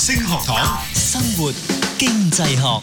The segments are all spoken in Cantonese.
財星學堂，生活經濟學。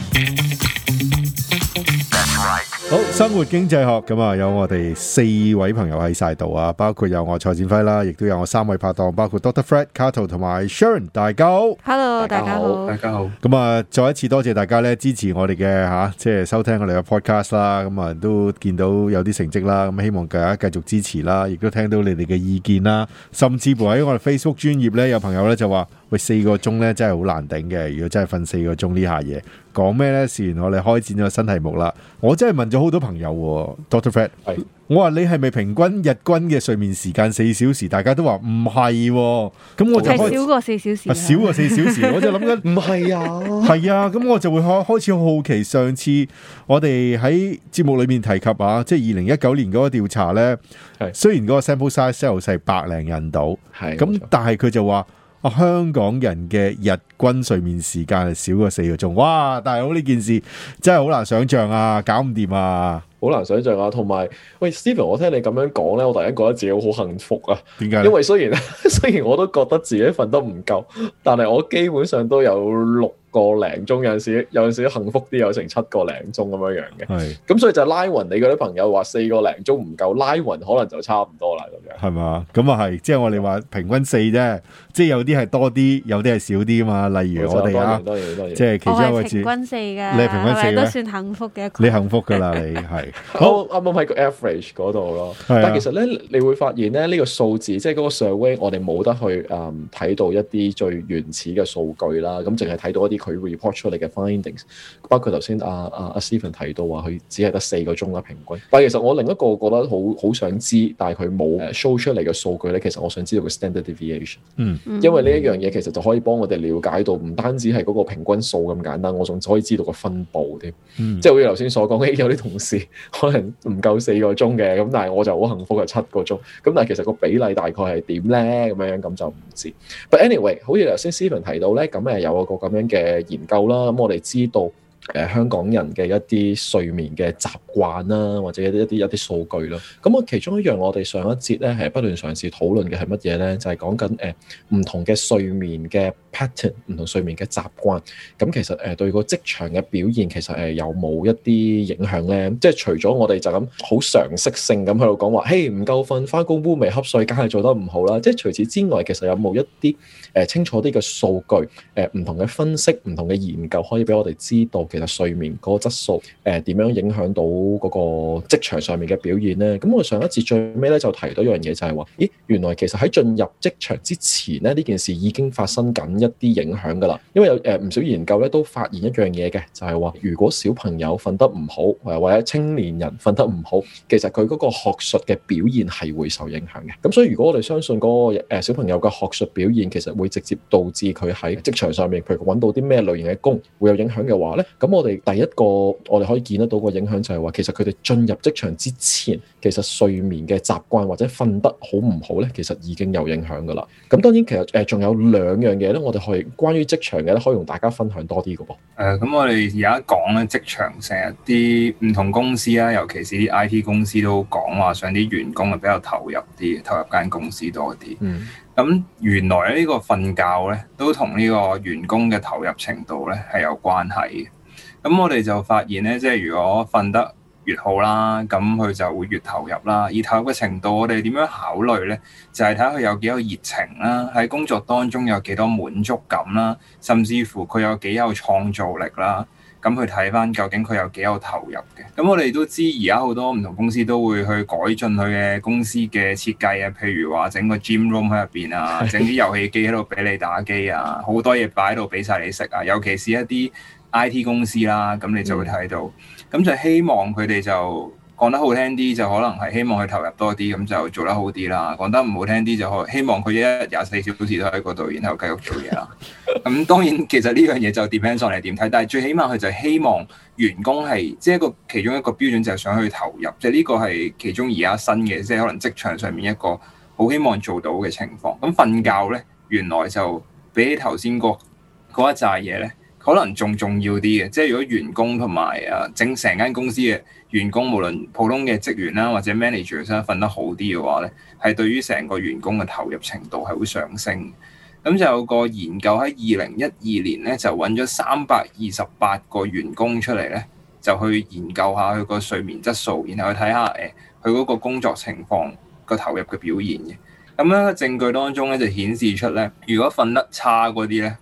好，生活經濟學咁啊，有我哋四位朋友喺晒度啊，包括有我蔡展輝啦，亦都有我三位拍檔，包括 Doctor Fred、Cato 同埋 Sharon，大家好，Hello，大家好，Hello，大家好。咁啊，再一次多謝大家咧支持我哋嘅吓，即、啊、係、就是、收聽我哋嘅 Podcast 啦。咁啊，都見到有啲成績啦。咁希望大家繼續支持啦，亦都聽到你哋嘅意見啦，甚至乎喺我哋 Facebook 專頁咧，有朋友咧就話。喂，四個鐘咧真係好難頂嘅。如果真係瞓四個鐘呢下嘢，講咩呢？事緣我哋開展咗新題目啦，我真係問咗好多朋友、啊、，Doctor Fred，是我話你係咪平均日均嘅睡眠時間四小時？大家都話唔係，咁我就開少過四小時，、啊、小時，少過四小時，我就諗緊唔係啊，係啊，咁我就會開始好奇。上次我哋喺節目裏面提及啊，即係二零一九年嗰個調查呢，是雖然嗰個 sample size sales 係百零人度，咁，但係佢就話。啊！香港人嘅日均睡眠時間係少過四個鐘，哇！大佬呢件事真係好難想象啊，搞唔掂啊，好難想象啊。同埋，喂，Steven，我聽你咁樣講咧，我突然覺得自己好幸福啊。點解？因為雖然雖然我都覺得自己瞓得唔夠，但係我基本上都有六。個零鐘有陣時，有陣時,有時幸福啲有成七個零鐘咁樣樣嘅。係是，咁所以就拉勻，你嗰啲朋友話四個零鐘唔夠，拉勻可能就差唔多啦咁樣。係嘛？咁啊係，即係我哋話平均四啫，即係有啲係多啲，有啲係少啲啊嘛。例如我哋啊，即係其中一個位平均四嘅，你平均四都算幸福嘅？你幸福㗎啦，你係。 是好，咁喺個 average 嗰度咯。但其實咧，你會發現咧，呢、呢個數字即係嗰個 survey 我哋冇得去誒睇、嗯、到一啲最原始嘅數據啦。咁淨係睇到一啲。佢 report 出嚟嘅 findings，包括頭先阿阿阿 Stephen 提到話佢只係得四個鐘啦、啊，平均。但其實我另一個覺得好好想知，但係佢冇 show 出嚟嘅數據咧。其實我想知道個 standard deviation，嗯，嗯，因為呢一樣嘢其實就可以幫我哋了解到唔單止係嗰個平均數咁簡單，我仲可以知道個分布添。嗯、即係好似頭先所講，有啲同事可能唔夠四個鐘嘅，咁但係我就好幸福係七個鐘，咁但係其實個比例大概係點咧？咁樣咁就唔知道。But anyway，好似頭先 Stephen 提到咧，咁誒有一個咁樣嘅。研究啦，咁我哋知道。誒、呃、香港人嘅一啲睡眠嘅習慣啦，或者一啲一啲一啲數據啦。咁我其中一樣，我哋上一節咧係不斷嘗試討論嘅係乜嘢咧？就係、是、講緊誒唔同嘅睡眠嘅 pattern，唔同睡眠嘅習慣。咁其實誒、呃、對個職場嘅表現其實誒、呃、有冇一啲影響咧？即係除咗我哋就咁好常識性咁喺度講話，嘿唔夠瞓，翻工烏眉瞌睡，梗係做得唔好啦。即係除此之外，其實有冇一啲誒、呃、清楚啲嘅數據，誒、呃、唔同嘅分析，唔同嘅研究，可以俾我哋知道嘅？其實睡眠個質素誒，點樣影響到嗰個職場上面嘅表現呢？咁我上一次最尾咧就提到一樣嘢，就係話，咦，原來其實喺進入職場之前咧，呢件事已經發生緊一啲影響噶啦。因為有誒唔少研究咧，都發現一樣嘢嘅，就係話，如果小朋友瞓得唔好，或者青年人瞓得唔好，其實佢嗰個學術嘅表現係會受影響嘅。咁所以如果我哋相信嗰個誒小朋友嘅學術表現，其實會直接導致佢喺職場上面，譬如搵到啲咩類型嘅工會有影響嘅話呢。咁我哋第一個，我哋可以見得到個影響就係話，其實佢哋進入職場之前，其實睡眠嘅習慣或者瞓得好唔好咧，其實已經有影響噶啦。咁當然，其實誒仲有兩樣嘢咧，我哋可以關於職場嘅咧，可以同大家分享多啲噶噃。誒，咁我哋而家講咧，職場成日啲唔同公司啊，尤其是啲 IT 公司都講話想啲員工啊比較投入啲，投入間公司多啲。嗯。咁原來這個呢個瞓覺咧，都同呢個員工嘅投入程度咧係有關係嘅。咁我哋就發現咧，即係如果瞓得越好啦，咁佢就會越投入啦。而投入嘅程度，我哋點樣考慮呢？就係睇下佢有幾有熱情啦，喺工作當中有幾多滿足感啦，甚至乎佢有幾有創造力啦。咁去睇翻究竟佢有幾有投入嘅。咁我哋都知，而家好多唔同公司都會去改進佢嘅公司嘅設計啊，譬如話整個 gym room 喺入面啊，整啲 遊戲機喺度俾你打機啊，好多嘢擺喺度俾晒你食啊，尤其是一啲，I.T. 公司啦，咁你就會睇到，咁就希望佢哋就講得好聽啲，就可能係希望佢投入多啲，咁就做得好啲啦。講得唔好聽啲就，希望佢一日廿四小時都喺嗰度，然後繼續做嘢啦。咁當然其實呢樣嘢就 depend 上嚟點睇，但係最起碼佢就希望員工係即係一個其中一個標準就係想去投入，即係呢個係其中而家新嘅，即係可能職場上面一個好希望做到嘅情況。咁瞓覺咧，原來就比起頭先嗰一紮嘢咧。可能仲重要啲嘅，即係如果員工同埋啊整成間公司嘅員工，無論普通嘅職員啦，或者 manager 啦，瞓得好啲嘅話呢，係對於成個員工嘅投入程度係會上升。咁就有個研究喺二零一二年呢，就揾咗三百二十八個員工出嚟呢，就去研究下佢個睡眠質素，然後去睇下佢嗰個工作情況、個投入嘅表現嘅。咁呢個證據當中呢，就顯示出呢，如果瞓得差嗰啲呢。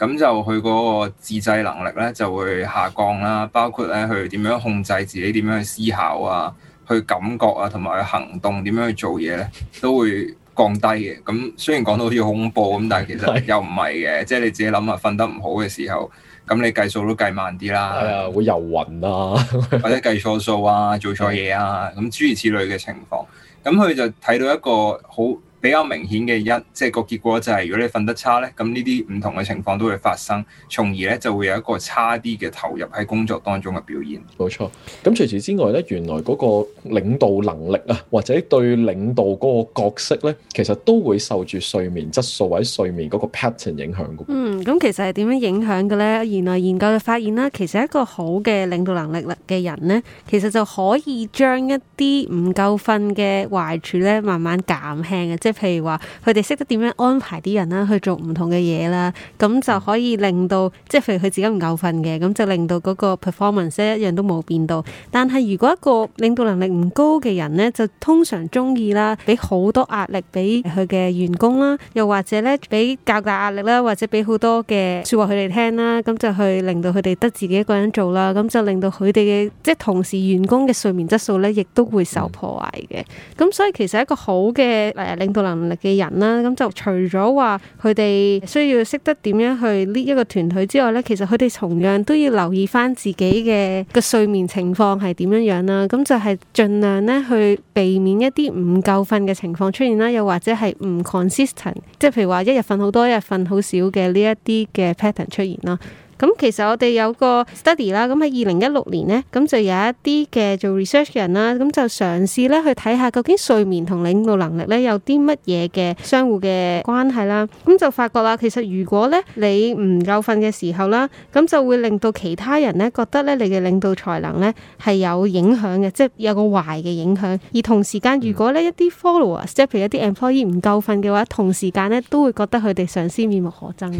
咁就佢嗰個自制能力咧就會下降啦，包括咧佢點樣控制自己、點樣去思考啊、去感覺啊、同埋去行動、點樣去做嘢咧，都會降低嘅。咁雖然講到好似好恐怖咁，但係其實又唔係嘅，即係係啊，你自己諗啊，瞓得唔好嘅時候，咁你計數都計慢啲啦，會遊魂啊， 或者計錯數啊、做錯嘢啊、咁諸如此類嘅情況，咁佢就睇到一個好，比較明顯嘅一，即係個結果就係如果你瞓得差咧，咁呢啲唔同嘅情況都會發生，從而咧就會有一個差啲嘅投入喺工作當中嘅表現。冇錯，咁除此之外咧，原來嗰個領導能力啊，或者對領導嗰個角色咧，其實都會受住睡眠質素或者睡眠嗰個 pattern 影響嘅。嗯，咁其實係點樣影響嘅咧？原來研究就發現啦，其實一個好嘅領導能力嘅人咧，其實就可以將一啲唔夠瞓嘅壞處咧，慢慢減輕嘅，即譬如話佢哋識得點樣安排啲人啦，去做唔同嘅嘢啦，咁就可以令到即係譬如佢自己唔夠瞓嘅，咁就令到嗰個 performance 一樣都冇變到。但係如果一個領導能力唔高嘅人咧，就通常中意啦，俾好多壓力俾佢嘅員工啦，又或者咧俾較大壓力啦，或者俾好多嘅說話佢哋聽啦，咁就去令到佢哋得自己一個人做啦，咁就令到佢哋嘅即係同時員工嘅睡眠質素咧，亦都會受破壞嘅。咁、嗯、所以其實一個好嘅誒領導。能力嘅人啦，咁就除咗話佢哋需要識得點樣去 lead 一個團隊之外咧，其實佢哋同樣都要留意翻自己嘅個睡眠情況係點樣樣啦。咁就係盡量咧去避免一啲唔夠瞓嘅情況出現啦，又或者係唔 consistent，即係譬如話一日瞓好多，一日瞓好少嘅呢一啲嘅 pattern 出現啦。咁其實我哋有個 study 啦，咁喺二零一六年呢，咁就有一啲嘅做 research 人啦，咁就嘗試咧去睇下究竟睡眠同領導能力咧有啲乜嘢嘅相互嘅關係啦。咁就發覺啦，其實如果咧你唔夠瞓嘅時候啦，咁就會令到其他人咧覺得咧你嘅領導才能咧係有影響嘅，即係有個壞嘅影響。而同時間，如果咧一啲 followers，特別一啲 employee 唔夠瞓嘅話，同時間咧都會覺得佢哋上司面目可憎。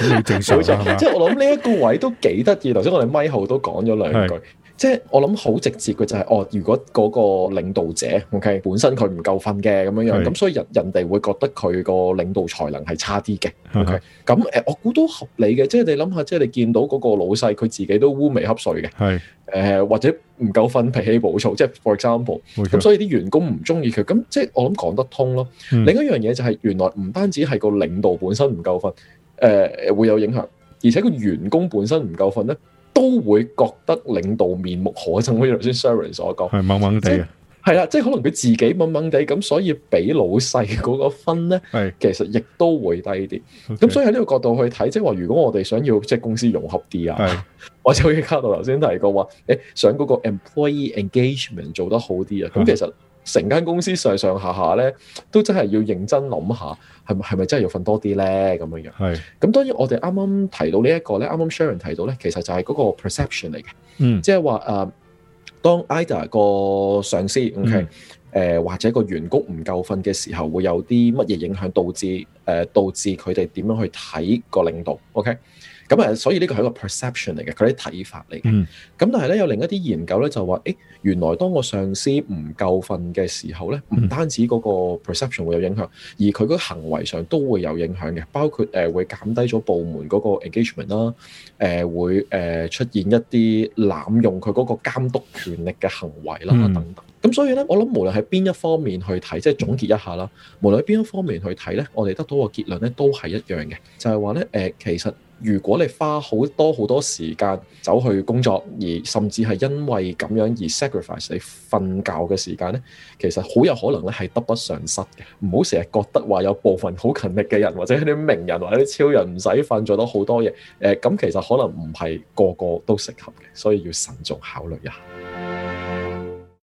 即係我諗呢一個位都幾得意，頭先我哋咪後都講咗兩句，即係我諗好直接嘅就係、是，哦，如果嗰個領導者 OK，本身佢唔夠瞓嘅咁樣樣，咁所以人人哋會覺得佢個領導才能係差啲嘅 OK，咁、嗯、我估都合理嘅，即、就、係、是、你諗下，即、就、係、是、你見到嗰個老細佢自己都污眉瞌睡嘅，或者唔夠瞓，脾氣暴躁，即、就、係、是、for example，咁所以啲員工唔中意佢，咁即係我諗講得通咯。嗯、另一樣嘢就係、是、原來唔單止係個領導本身唔夠瞓。誒、呃、會有影響，而且個員工本身唔夠瞓咧，都會覺得領導面目可憎。好似頭先 Sara 所講說，係懵懵地，係啦，即係可能佢自己懵懵地，咁所以俾老細嗰個分咧，是其實亦都會低啲。咁 okay, 所以喺呢個角度去睇，即係話如果我哋想要即係公司融合啲啊，是或者好似卡度頭先提過話，誒想嗰個 employee engagement 做得好啲啊，咁其實成間公司上上下下咧，都真係要認真諗下，係係咪真係要瞓多啲咧？咁樣樣。係是。咁當然我哋啱啱提到呢、這、一個咧，啱啱 Sharon 提到咧，其實就係嗰個 perception 嚟嘅。嗯。即係話誒，當 Ida 個上司，OK，誒、嗯呃、或者個員工唔夠瞓嘅時候，會有啲乜嘢影響導、呃，導致誒導致佢哋點樣去睇個領導？OK。咁、嗯、所以呢個係一個 perception 嚟嘅，佢啲睇法嚟嘅。咁但係咧，有另一啲研究咧就話，誒、欸、原來當個上司唔夠瞓嘅時候咧，唔單止嗰個 perception 會有影響，而佢個行為上都會有影響嘅，包括誒、呃、會減低咗部門嗰個 engagement 啦、呃，會、呃、出現一啲濫用佢嗰個監督權力嘅行為啦等等。嗯咁所以咧，我諗無論喺邊一方面去睇，即係總結一下啦。無論喺邊一方面去睇咧，我哋得到個結論咧都係一樣嘅，就係話咧，誒、呃，其實如果你花好多好多時間走去工作，而甚至係因為咁樣而 sacrifice 你瞓覺嘅時間咧，其實好有可能咧係得不償失嘅。唔好成日覺得話有部分好勤力嘅人或者啲名人或者啲超人唔使瞓，做到好多嘢。誒、呃，咁其實可能唔係個個都適合嘅，所以要慎重考慮一下。